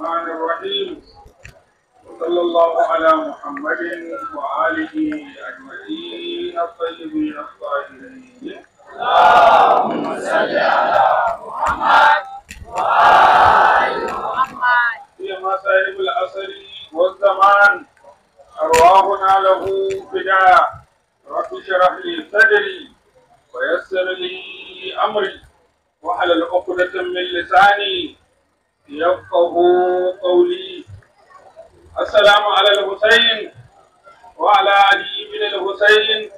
الرحمن الرحيم وصلى الله على محمد وآله أجمعين الطيبين الطاهرين اللهم صل على محمد وآل محمد يا مصائب العصر والزمان أرواحنا له فداء رب اشرح لي صدري ويسر لي أمري وحل العقدة من لساني يفقهوا قولي السلام على الحسين وعلى علي بن الحسين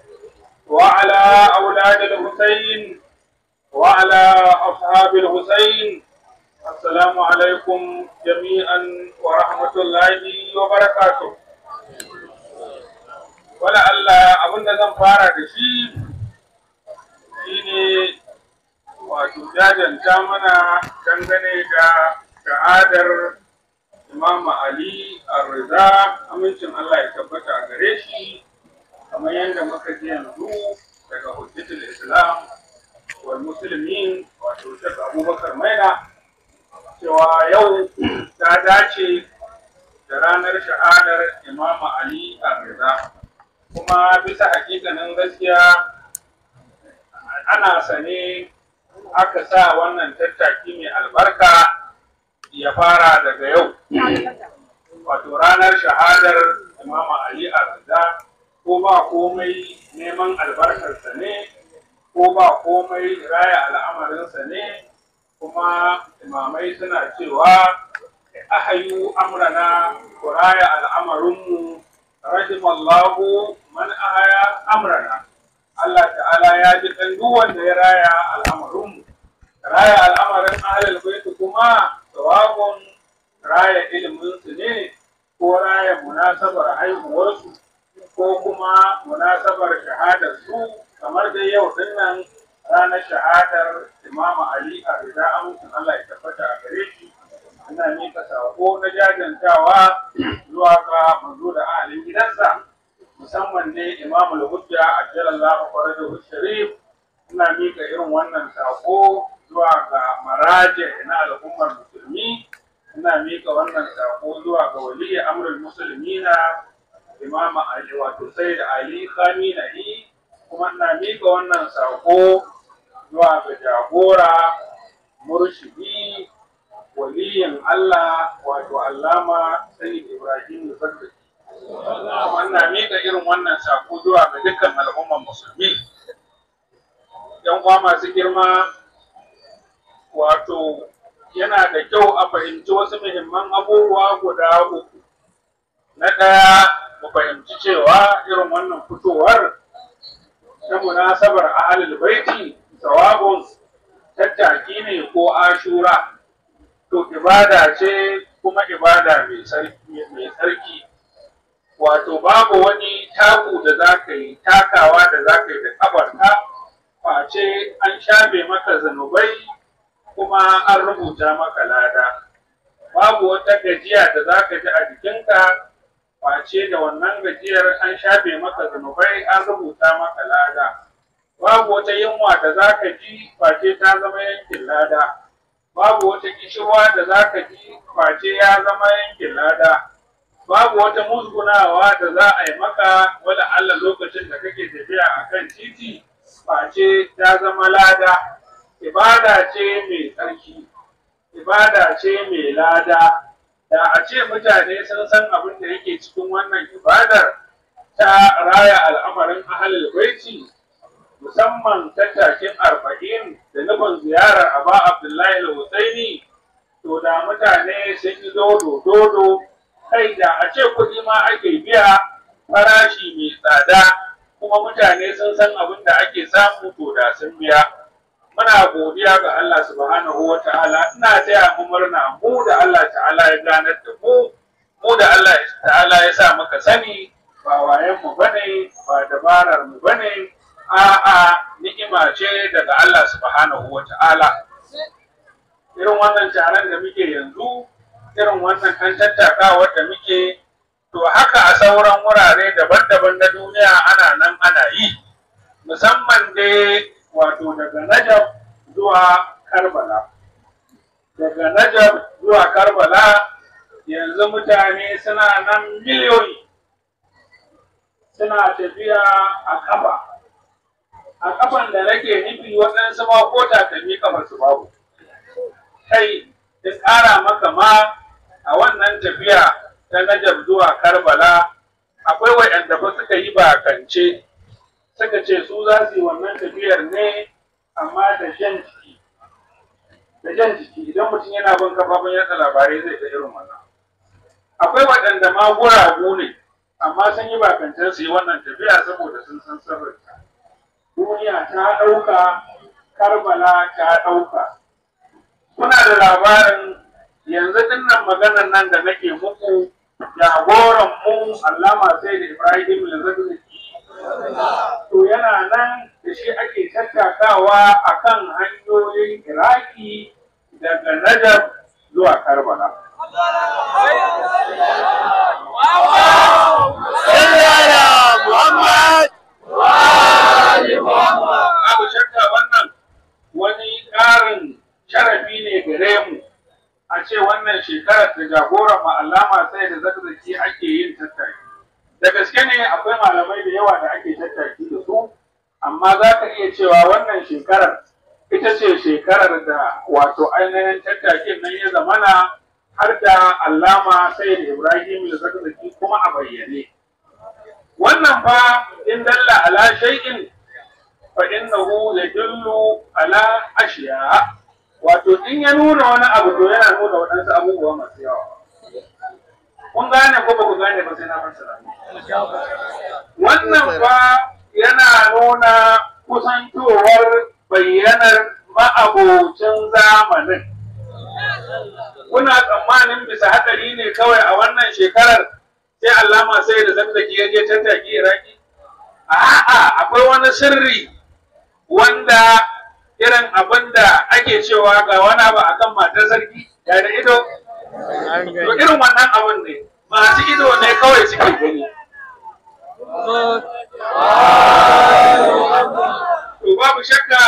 وعلى أولاد الحسين وعلى أصحاب الحسين السلام عليكم جميعا ورحمة الله وبركاته wala Allah abin da zan fara da shi shine wato jajanta mana dangane da shahadar Imam Ali ar amincin Allah ya tabbata a gare shi kamar yadda muka ji yanzu daga hujjatul Islam wal Musulmin, wato Sheikh Abubakar Maina cewa yau ta dace da ranar sha'adar Imam Ali a riza kuma bisa hakikanin gaskiya ana sane aka sa wannan tattaki mai albarka ya fara daga yau wato ranar shahadar imama ali arda ko ba komai neman albarkarsa ne ko ba komai raya al'amarinsa ne kuma imamai suna cewa ahayu amrana ku raya al'amarinmu rahimallahu man ahaya amrana Allah ta'ala ya ji ɗan duk wanda ya raya al'amarinmu raya al'amarin ahlul kuma sawa'un raya iliminsu ne ko raya munasabar haihuwarsu ko kuma munasabar shahadar su kamar dai yau dinnan ranar shahadar Imam Ali a rida amincin Allah ya tabbata a gare shi ana mika sako na jajantawa zuwa ga manzo da ahalin gidansa musamman ne Imam Al-Hujja a Jalallahu Farajahu Sharif ina mika irin wannan sako zuwa ga maraje na al'ummar musulmi ina mika wannan sako zuwa ga amurin musulmi musulmina imama ali wato sai da ali yi. kuma ina mika wannan sako zuwa ga jagora murshidi waliyin Allah wato allama sani ibrahim zakari kuma ina mika irin wannan sako zuwa ga dukkan al'ummar musulmi yan uwa masu girma wato yana da kyau a fahimci wasu muhimman abubuwa guda uku na ɗaya mu fahimci cewa irin wannan fitowar ta munasabar a baiti sawabun tattaki ne ko ashura to ibada ce kuma ibada mai tsarki wato babu wani taku da za ka yi takawa da za ka yi da kabarta face an shafe maka zanubai kuma an rubuta maka lada babu wata gajiya da za ka ji a jikinka face da wannan gajiyar an shafe maka zunubai an rubuta maka lada babu wata yunwa da za ka ji face ta zama yankin lada babu wata kishirwa da za ka ji face ya zama yankin lada babu wata musgunawa da za a yi maka wala Allah lokacin da kake tafiya a kan titi face ta zama lada ibada ce mai tsarki ibada ce mai lada da a ce mutane sun san abin da yake cikin wannan ibadar ta raya al'amarin ahalil baiti musamman tattakin arba'in da nufin ziyarar aba abdullahi al-husaini to da mutane sun yi dodo dodo kai da a ce kuɗi ma ake biya farashi mai tsada kuma mutane sun san abin da ake samu to da sun biya muna godiya ga Allah subhanahu wa ta'ala ina taya mu murna mu da Allah ta'ala ya ganar da mu mu da Allah ta'ala ya sa muka sani ba wayen mu bane ba dabarar mu bane a'a ni'ima ce daga Allah subhanahu wa ta'ala irin wannan taron da muke yanzu irin wannan kan tattakawa da muke to haka a sauran wurare daban-daban na duniya ana nan ana yi musamman dai wato daga Najab zuwa Karbala. Daga Najab zuwa Karbala yanzu mutane suna nan miliyoyi suna tafiya a kafa. A kafan da nake nufi waɗansu ma ko takalmi kafa su babu. Kai, ta ƙara maka ma a wannan tafiya ta Najab zuwa Karbala akwai waɗanda ba suka yi bakance suka ce su za su yi wannan tafiyar ne amma da jan jiki da jan jiki idan mutum yana bin kafafen yatsa labarai zai ta irin wannan akwai waɗanda ma guragu ne amma sun yi bakantar su yi wannan tafiya saboda sun san sirrinta duniya ta ɗauka karbala ta ɗauka kuna da labarin yanzu dinnan maganar nan da nake muku jagoran mu allama sai da ibrahim yanzu to yana nan da shi ake tattakawa a kan hanyoyin iraki daga najab zuwa karbala wannan wani ƙarin sharafi ne a ce wannan shekarar da jagoran ma'allama sai da zaki ake yin tattaki. da gaske ne akwai malamai da yawa da ake tattaki da su amma za ka iya cewa wannan shekarar ita ce shekarar da wato ainihin tattakin nan ya zamana har da allama sai da ibrahim da zaki kuma a bayyane wannan fa in dalla ala shay'in fa innahu yadullu ala ashiya wato in ya nuna wani abu to yana nuna waɗansu abubuwa masu yawa kun gane ko ba ku gane ba sai na fassara wannan ba yana nuna kusantowar bayyanar ma'abocin zamanin kuna tsammanin bisa hadari ne kawai a wannan shekarar sai alama sai da zan ya je tattaki iraki a'a akwai wani sirri wanda irin abin da ake cewa ga wani abu akan matar sarki ya da ido to irin wannan abin ne masu ido ne kawai suke gani To babu shakka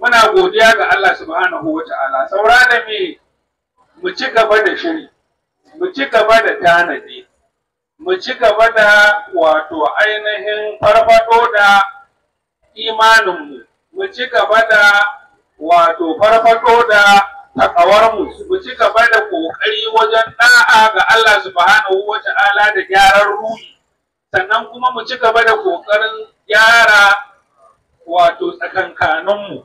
muna godiya ga Allah subhanahu wa ta'ala saura da me mu ci gaba da shiri mu ci gaba da tanadi mu ci gaba da wato ainihin farfado da imaninmu mu ci gaba da wato farfado da takawarmu mu ci gaba da ƙoƙari wajen ɗa'a ga Allah subhanahu wa ta'ala da gyaran ruhi sannan kuma mu ci gaba da ƙoƙarin gyara wato tsakankaninmu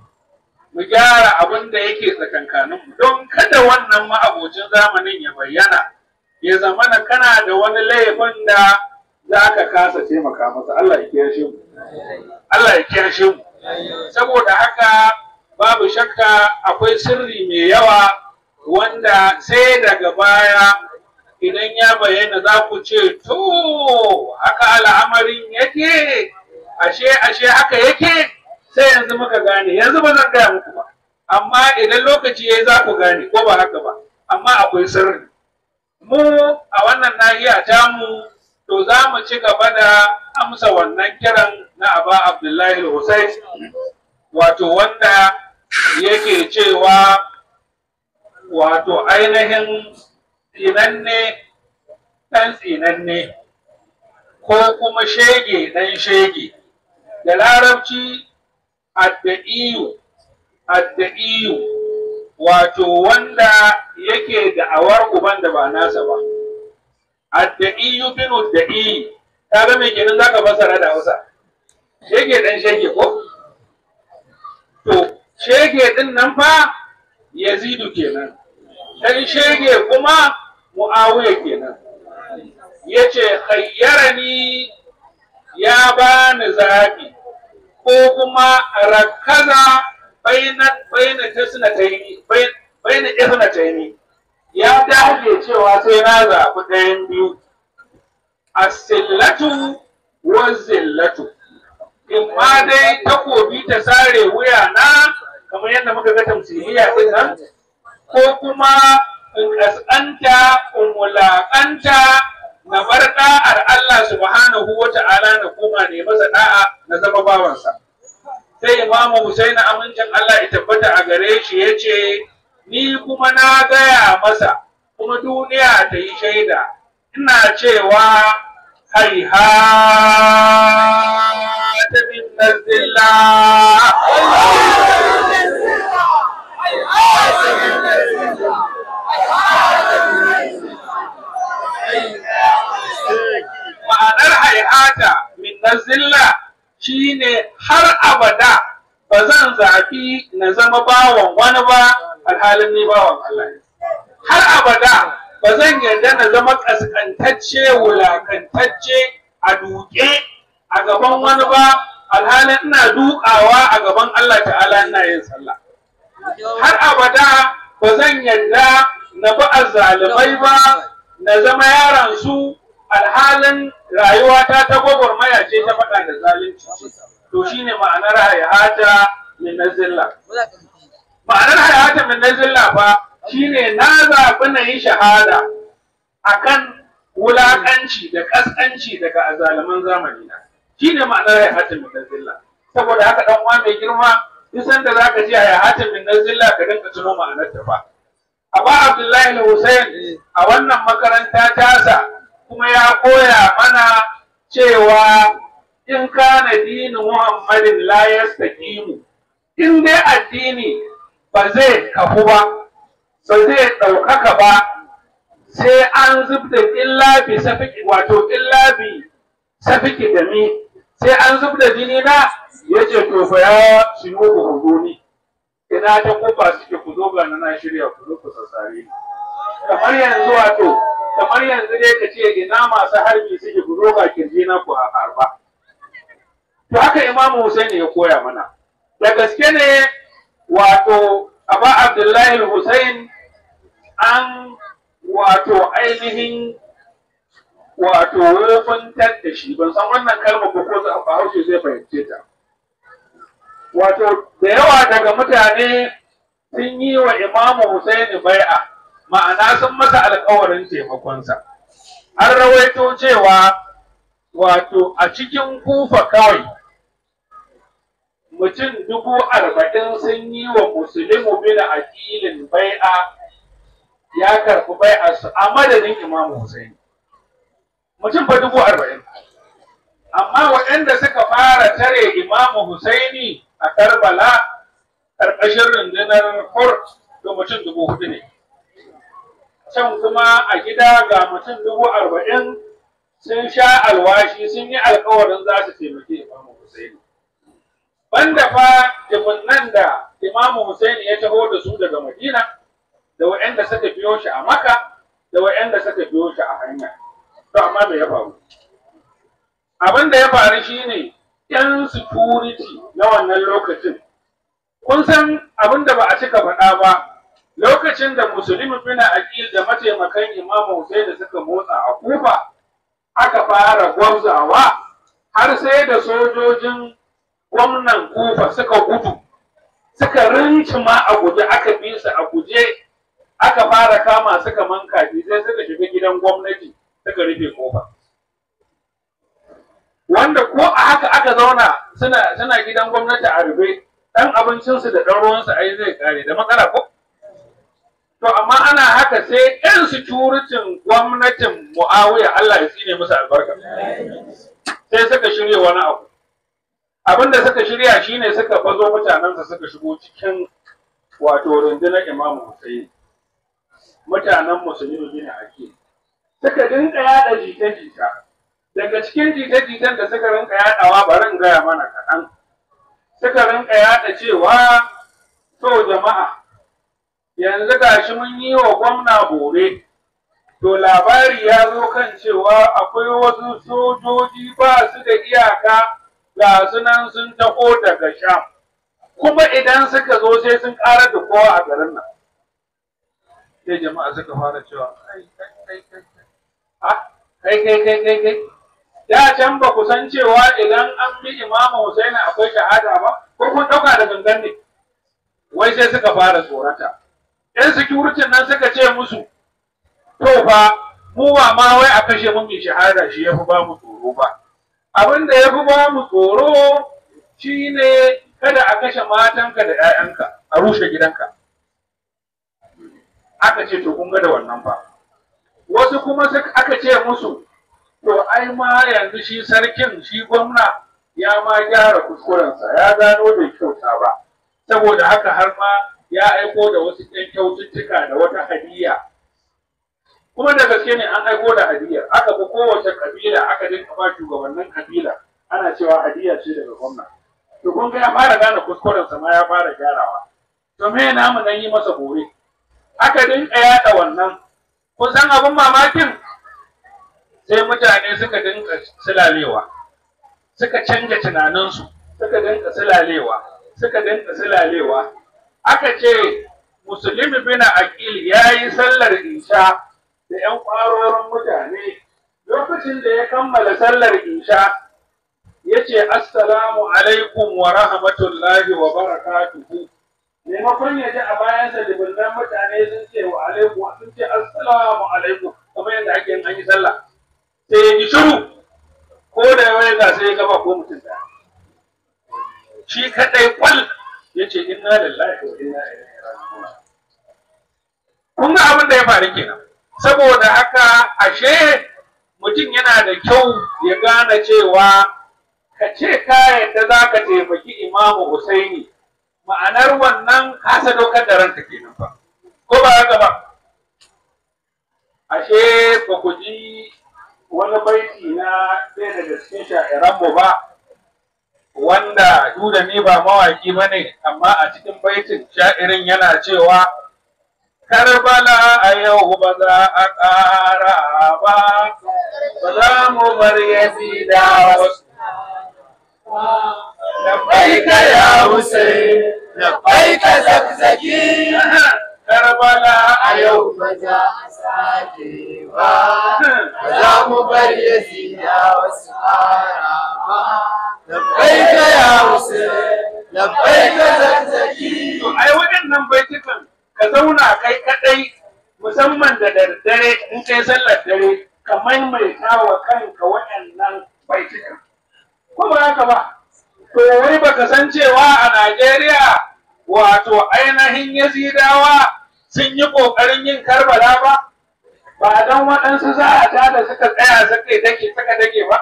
mu gyara abin da yake tsakankaninmu don kada wannan ma'abocin zamanin ya bayyana ya zamana kana da wani laifin da za ka kasa taimaka masa Allah ya kiyashe mu Allah ya kiyashe mu saboda haka babu shakka akwai sirri mai yawa wanda sai daga baya idan ya bayyana za ku ce to haka al'amarin yake ashe ashe haka yake sai yanzu muka gane yanzu ba zan gaya muku ba amma idan lokaci ya za ku gane ko ba haka ba amma akwai sirri mu a wannan nahiya mu to za mu ci gaba da amsa wannan kiran na aba abdullahi hussein wato wanda yake cewa wato ainihin tsinanne ɗan tsinanne ko kuma shege ɗan shege da larabci adda'iyu adda'iyu wato wanda yake da'awar uban da ba nasa ba adda'iyu bin adda'i ta ga mai kenan zaka fasara da Hausa shege ɗan shege ko to shege ɗin nan fa yazidu kenan dan shege kuma mu'awiya kenan yace khayyarani ya bani zaɓi ko kuma rakaza baina baina tasnataini baina ya dage cewa sai na zaɓi ɗayan biyu as-sillatu wa zillatu in ma dai takobi ta sare wuya na kamar yadda muka ga tamsiliya din nan ko kuma in kaskanta in na bar ɗa'ar Allah subhanahu wa ta'ala na koma ne masa ɗa'a na zama bawansa. Sai Imamu Hussein amincin Allah ya tabbata a gare shi ya ce, Ni kuma na gaya masa, kuma duniya ta yi shaida, ina cewa haiha ta min abada ba zan zafi na zama bawan wani ba alhalin ni bawan Allah har abada ba zan yarda na zama kaskantacce wulakantacce a duke a gaban wani ba alhalin ina dukawa a gaban Allah ta'ala ina yin sallah har abada ba zan yarda na bi zalibai ba na zama yaran su alhalin rayuwata ta gwagwarmaya ce ta faɗa da zalunci to shine ma'anar hayata min nazilla ma'anar hayata min nazilla fa shine na zaɓi na yi shahada akan wulaƙanci da ƙasƙanci daga azalaman zamani na shine ma'anar hayata min nazilla saboda haka dan uwa mai girma duk da zaka ji hayata min nazilla ka dinka tuno ma'anar ta fa Aba Abdullahi Hussein a wannan makaranta tasa kuma ya koya mana cewa in kana dini Muhammadin la yastaqimu in dai addini ba zai kafu ba ba zai ɗaukaka ba sai an zubda illa bi safiki wato illa bi safiki da mi sai an zubda jini na yace to fa ya shigo ku huduni ina ta kofa suke ku zo ga na shirya ku zo ku sassare kamar yanzu wato kamar yanzu dai ka ce ina masu harbi suke ku zo ga kirji na ku harba imamu Hussein ya koya mana da gaske ne wato Aba Abdullahi Hussein an wato ainihin wato wofantar da ban san wannan kalma ko ko a Bahaushe zai fahimce ta wato da yawa daga mutane sun yi wa Imamu Hussein bai'a ma'ana sun masa alƙawarin taimakonsa an rawaito cewa wato a cikin kufa kawai mutum dubu arba'in sun yi wa musulmi bin addinin bai'a ya karɓi bai'arsu a madadin imamu Hussein. Mutum fa dubu arba'in. Amma waɗanda suka fara tare imamu Husaini a Karbala ƙarƙashin rundunar Hur da mutum dubu hudu ne. Can kuma a gida ga mutum dubu arba'in sun sha alwashi sun yi alkawarin za su taimaki imamu Husaini. banda fa nan da Imam Hussein ya taho da su daga Madina da waɗanda suka biyo shi a Makka da waɗanda suka biyo shi a hanya to amma me ya faru abin da ya faru shine yan security na wannan lokacin kun san abin da ba a cika faɗa ba lokacin da musulmi bin aqil da mataimakan imam Hussein da suka motsa a Kufa aka fara gwamzawa har sai da sojojin gwamnan kufa suka gudu suka rinci ma a guje aka bi su a guje aka fara kama suka manka sai suka shiga gidan gwamnati suka rufe kofa wanda ko a haka aka zauna suna gidan gwamnati a rufe dan abincinsu da dan ruwansu ai zai kare da matsala ko to amma ana haka sai yan turucin gwamnatin muawiya Allah ya tsine musu albarka sai suka shirya wani abu abin da suka shirya shine suka bazo mutanensa suka shigo cikin wato rundunar Imam Hussein mutanen musulmi ne ake suka dinka yada jita-jita daga cikin jita-jitan da suka rinka yadawa bari in gaya mana kaɗan suka rinka yada cewa to jama'a yanzu gashi mun yi wa gwamna bore to labari ya zo kan cewa akwai wasu sojoji ba su da iyaka ga nan sun taho daga sham kuma idan suka zo sai sun ƙara da kowa a garin nan sai jama'a suka fara cewa ah, kai kai kai kai kai da can ba ku san cewa idan an bi Imama Husaini akwai shahada ba ko kun ɗauka da gangan ne wai sai suka fara tsorata yan security nan suka ce musu to fa mu ba ma wai a kashe mun mai shahada shi ya fi ba mu tsoro ba abin da ya fi ba mu tsoro ne kada a kashe matanka da 'ya'yanka a rushe gidanka aka ce to kun ga da wannan ba wasu kuma aka ce musu to ai ma yanzu shi sarkin shi gwamna ya ma gyara kuskurensa ya gano da kyauta ba saboda haka har ma ya aiko da wasu ‘yan kyaututtuka da wata hadiyya. kuma da gaske ne an aiko da hadiya aka fi kowace kabila aka dinka ba shugabannin kabila ana cewa hadiya ce daga gwamna to kun ga ya fara gane kuskuren sa ma ya fara gyarawa to me mu nan yi masa gore aka dinka yaɗa wannan kun san abin mamakin sai mutane suka dinka silalewa suka canja tunaninsu suka dinka silalewa suka dinka silalewa aka ce musulmi bin aqil yayi sallar isha da ƴan ƙwarorin mutane lokacin da ya kammala sallar isha ya ce assalamu alaikum wa rahmatullahi wa barakatuhu maimakon ya ji a bayansa dubunnan mutane sun ce wa alaikum sun ce assalamu alaikum kamar yadda ake yin an yi sallah sai ya ji shiru ko da yawa ga sai ya gaba ko mutum da shi kadai kwal ya ce inna lillahi wa inna ilaihi raji'un kun ga abin da ya faru kenan saboda haka ashe mutum yana da kyau ya gane cewa ka ce ka yadda za ka taimaki imamu husaini ma'anar wannan ka sadaukar da ranka kenan ba ko ba haka ba ashe ba ku ji wani baiti na ɗaya daga cikin mu ba wanda duda ni ba mawaki ba ne amma a cikin baitin sha'irin yana cewa karbala a yau ba za a ƙara ba ba za mu bar yazida wasu baika ya husain baika zakzaki karbala a yau ba za a sake ba ba za mu bar yazida wasu ƙara ba baika ya husain labbaika zakzaki to ai waɗannan baitukan ka zauna kai kadai musamman da daddare in kai sallar dare ka maimaita wa kanka waɗannan baitukan ko haka ba to wai baka san cewa a Najeriya wato ainihin Yazidawa sun yi ƙoƙarin yin Karbala ba ba don waɗansu a da suka tsaya suka dake suka dake ba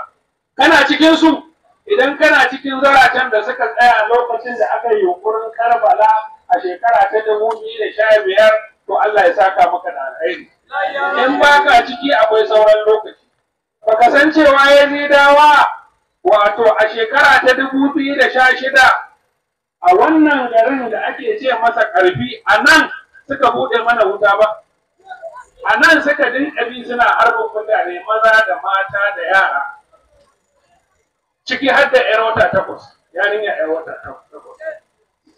kana cikin su idan kana cikin zaratan da suka tsaya lokacin da aka yi yunkurin Karbala a shekara ta dubu biyu da sha biyar to Allah ya saka maka da alheri in baka ciki akwai sauran lokaci Ba baka san cewa dawa? wato a shekara ta dubu biyu da sha shida a wannan garin da ake ce masa karfi a nan suka buɗe mana wuta ba a nan suka dinka bi suna harbin mutane maza da mata da yara ciki har da 'yar wata takwas 'yar wata takwas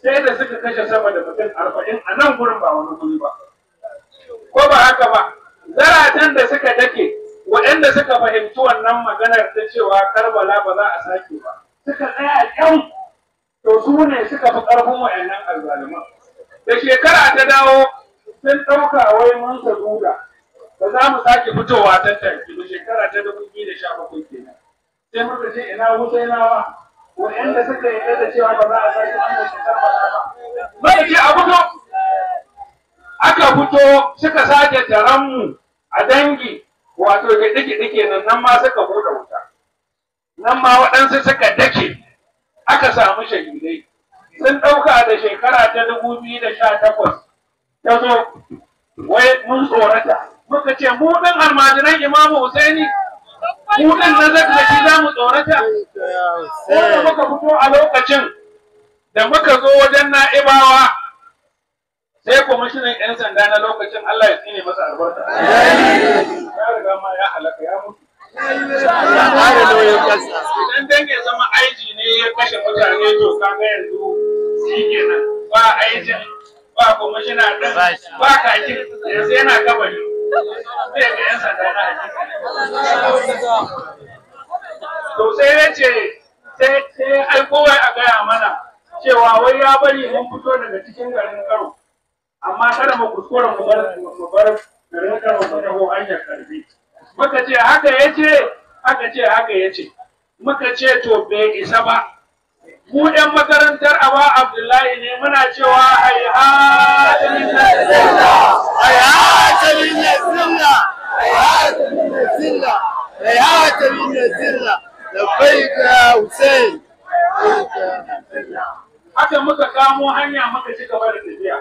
sai da suka kashe sama da mutum arba'in a nan gurin ba wani guri ba ko ba haka ba zaratan da suka dake waɗanda suka fahimci wannan maganar ta cewa karbala ba za a sake ba suka tsaya kyau to su ne suka fi ƙarfin waɗannan alzaliman da shekara ta dawo sun ɗauka wai mun duda ba za mu sake fitowa ta tafi ba shekara ta dubu biyu da sha bakwai kenan sai muka ce ina wa, wa'anda suka yarda da cewa ba za a wannan mai ce a fito aka fito suka sake taronmu a dangi wato ɗike-ɗike kenan nan ma suka buɗe wuta nan ma waɗansu suka dake aka samu shahidai sun ɗauka da shekara ta dubu biyu da sha takwas ta zo wai mun tsorata muka ce mu ɗin almajiran imamu husaini mu ɗan nan zaki za mu tsorata ko muka fito a lokacin da muka zo wajen na'ibawa sai kwamishinan 'yan sanda na lokacin Allah ya tsine masa albarka ya riga ma ya halaka ya mutu idan dangin zama aiji ne ya kashe mutane to kaga yanzu shi kenan ba aijin ba kwamishina ɗin ba kakin yanzu yana kabari to sai ya ce sai aiko wai a gaya mana cewa wai ya bari mun fito daga cikin garin karo amma kada mu kuskura mu bar garin karo mu taho hanyar karfi muka ce haka yace aka ce haka yace muka ce to bai isa ba mu ɗan makarantar aba abdullahi ne muna cewa hayhatalin nasilla hayhatalin nasilla hayhatalin nasilla hayhatalin nasilla labbaik ya hussein haka muka kamo hanya muka ci gaba da tafiya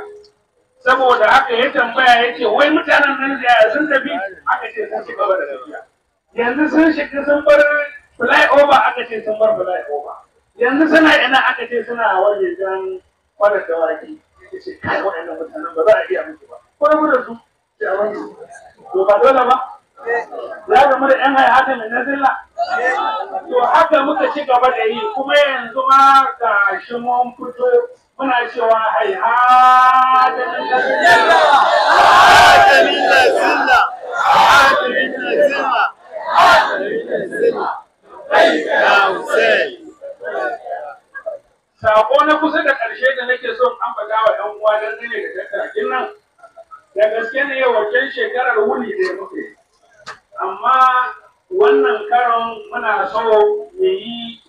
saboda haka ya tambaya ya ce wai mutanen nan da sun tafi aka ce sun ci gaba da tafiya yanzu sun shiga sun bar flyover aka ce sun bar flyover yanzu suna ina aka ce suna waje jan kwanar da waki ya ce kai waɗannan mutanen ba za a iya musu ba ko ya muda su ya wani to ba dole ba Ya ka muda yan haya haka mai nazilla to haka muka ci gaba da yi kuma yanzu ma ga shi mun fito muna cewa hai hadamin nazilla hadamin nazilla hadamin nazilla hadamin nazilla kai ka hussein Sako na kusa da ƙarshe da nake son ambata wa ‘yan uwa don ne da tattakin nan, da gaske ne wajen shekarar wuni da muke. Amma wannan karon muna so mu yi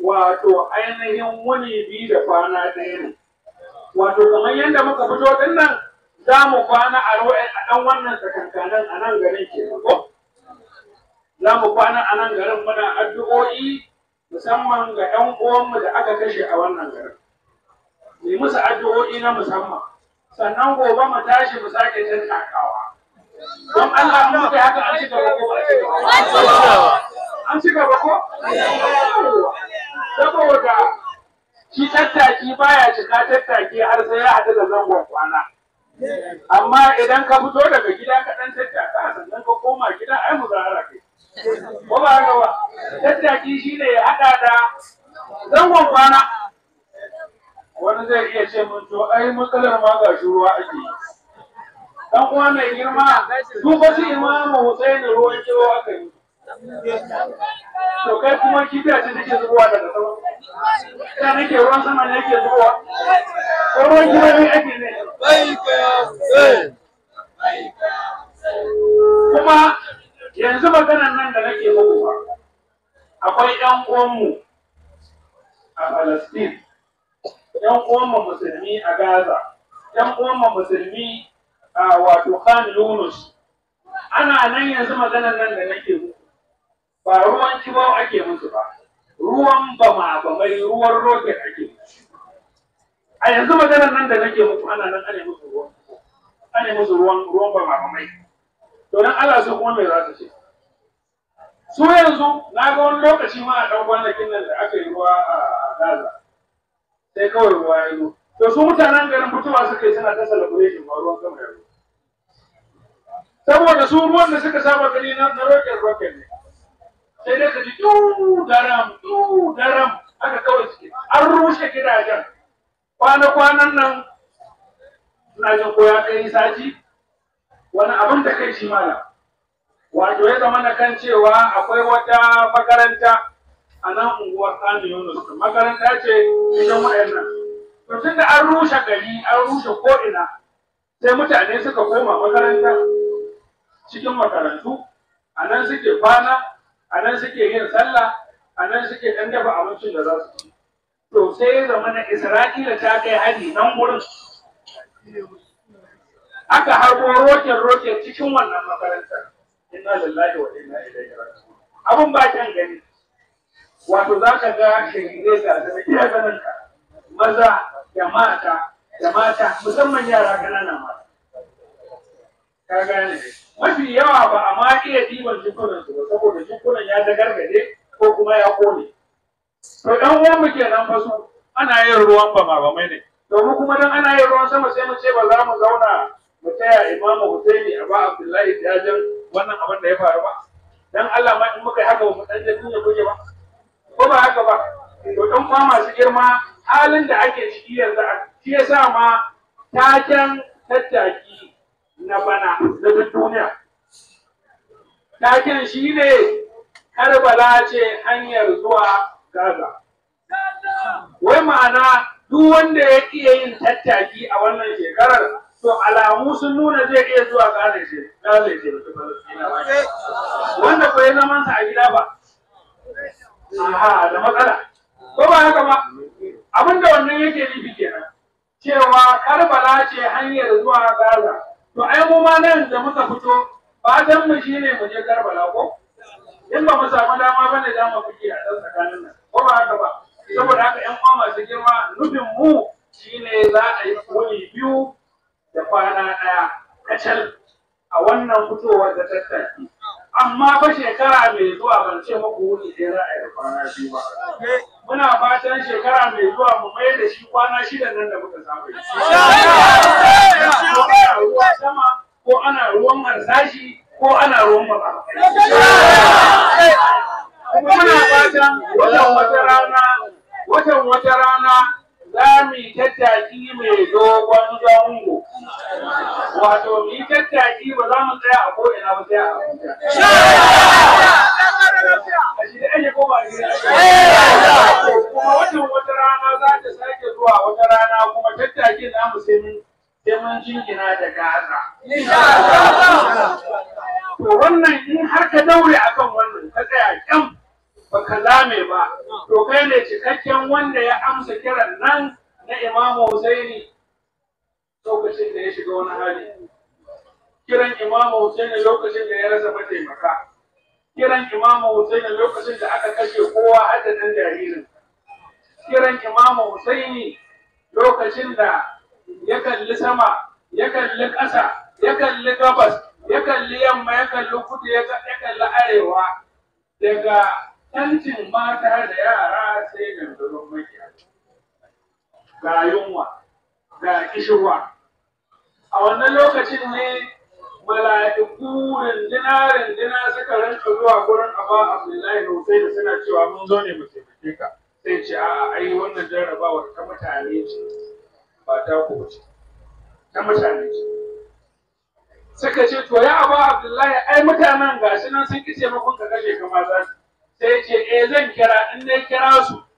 wato ainihin wuni biyu da kwana ɗaya ne. Wato kamar yadda muka fito ɗin nan za mu kwana a ɗan wannan tsakankanin a nan garin ke ko? Za mu kwana a nan garin muna addu'o'i musamman ga 'yan uwanmu da aka kashe a wannan garin mai musu addu'o'i na musamman sannan gobe mu tashi mu sake tattakawa don Allah mu kai haka an ci bako ba ci an cika bako saboda shi tattaki baya cika tattaki har sai ya haɗu da zangon kwana amma idan ka fito daga gida ka ɗan tattaka sannan ka koma gida ai mu zahara kai ko ba haka ba tattaki shi ne ya haɗa da zangon kwana wani zai iya ce mun to ai matsalar ma ga ruwa ake yi dan uwa mai girma duba su imamu ne ruwan kiwo aka yi to kai kuma kibiya ce take zubowa daga sama ta nake ruwan sama ne yake zubowa ko ruwan kiwo ne ake ne eh. kuma yanzu maganan nan da nake muku ba akwai ɗan uwanmu a Palestine ɗan uwanmu musulmi a Gaza ɗan uwanmu musulmi a wato Khan Yunus ana nan yanzu maganan nan da nake muku ba ruwan kibau ake musu ba ruwan bama bamai ruwan roket ake musu a yanzu maganan nan da nake muku ana nan ana musu ruwan ana musu ruwan ruwan bama bamai to dan Allah sai kuma me za su ce su yanzu na ga wani lokaci ma a ɗan kwanakin nan da aka yi ruwa a Gaza sai kawai ruwa ya yi to su mutanen garin mutuwa suka yi suna ta celebration ba ruwan sama ya ruwa saboda su ruwan da suka saba gani na roƙin roƙin ne sai dai ka ji duu daram duu daram haka kawai suke an rushe gidajen kwana-kwanan nan suna jin ko ya kai sati wani abin da kai shi mana wato ya zama na kan cewa akwai wata makaranta a nan unguwar Kano Yunus makaranta ce idan wayannan to tun da an rushe gari an rushe ko'ina sai mutane suka koma makaranta cikin makarantu a nan suke kwana a nan suke yin sallah a nan suke dan dafa abincin da za su ci to sai ya zama na Isra'ila ta kai hari nan gurin aka harbo roken roken cikin wannan makaranta inna lillahi wa inna ilaihi raji'un abun ba kan gani wato za ka ga shirye ga zama iya ganin ka maza da mata da mata musamman yara ƙananan ma. ka gane mafi yawa ba a ma iya diban jikunan su ba saboda jikunan ya dagargaje ko kuma ya kone to ɗan uwan mu kenan fa su ana yin ruwan ba mai ne domin kuma dan ana yin ruwan sama sai mu ce ba za mu zauna mu taya imamu husaini a ba abdullahi jajen wannan abin da ya faru ba dan Allah ma in muka yi haka mu dan da ya goge ba ko ba haka ba to dan ma masu girma halin da ake ciki yanzu a shi yasa ma taken tattaki na bana da duk duniya taken shi ne karbala ce hanyar zuwa gaza wai ma'ana duk wanda ya iya yin tattaki a wannan shekarar to alamu sun nuna zai iya zuwa ƙalaje shi da falastina wanda ko ya zaman sa a gida ba aha da matsala ko ba haka ba abinda wannan yake nufi kenan cewa karbala ce hanyar zuwa gaza to ai mu ma nan da muka fito fatan mu shine mu je karbala ko in ba mu samu dama bane da mu fike a dan tsakanin nan ko ba haka ba saboda haka yan uwa masu girma nufin mu shine za a yi koyi biyu da kwana ɗaya kacal a wannan fitowar da tattaki amma fa shekara mai zuwa ban ce muku wuni ɗaya ra'ayi kwana biyu ba muna fatan shekara mai zuwa mu mai da shi kwana shida nan da muka saba yi ko ana ruwan harsashi taimaka kiran imamu husaini lokacin da aka kashe kowa adadin da jaririn kiran imamu husaini lokacin da ya kalli sama ya kalli ƙasa ya kalli gabas ya kalli yamma ya kalli kudu ya kalli arewa daga tantin mata da yara sai gangarin makiya ga yunwa ga kishirwa a wannan lokacin ne mala'iku rindina rindina suka rinka zuwa gurin aba abdullahi da da suna cewa mun zo ne mu taimake ka sai ce a ai wannan jarrabawa ta mutane ce ba ta ku ce ta mutane ce suka ce to ya aba abdullahi ai mutanen gashi nan sun kice kun ka kashe ka za sai ce eh zan kira in dai kira su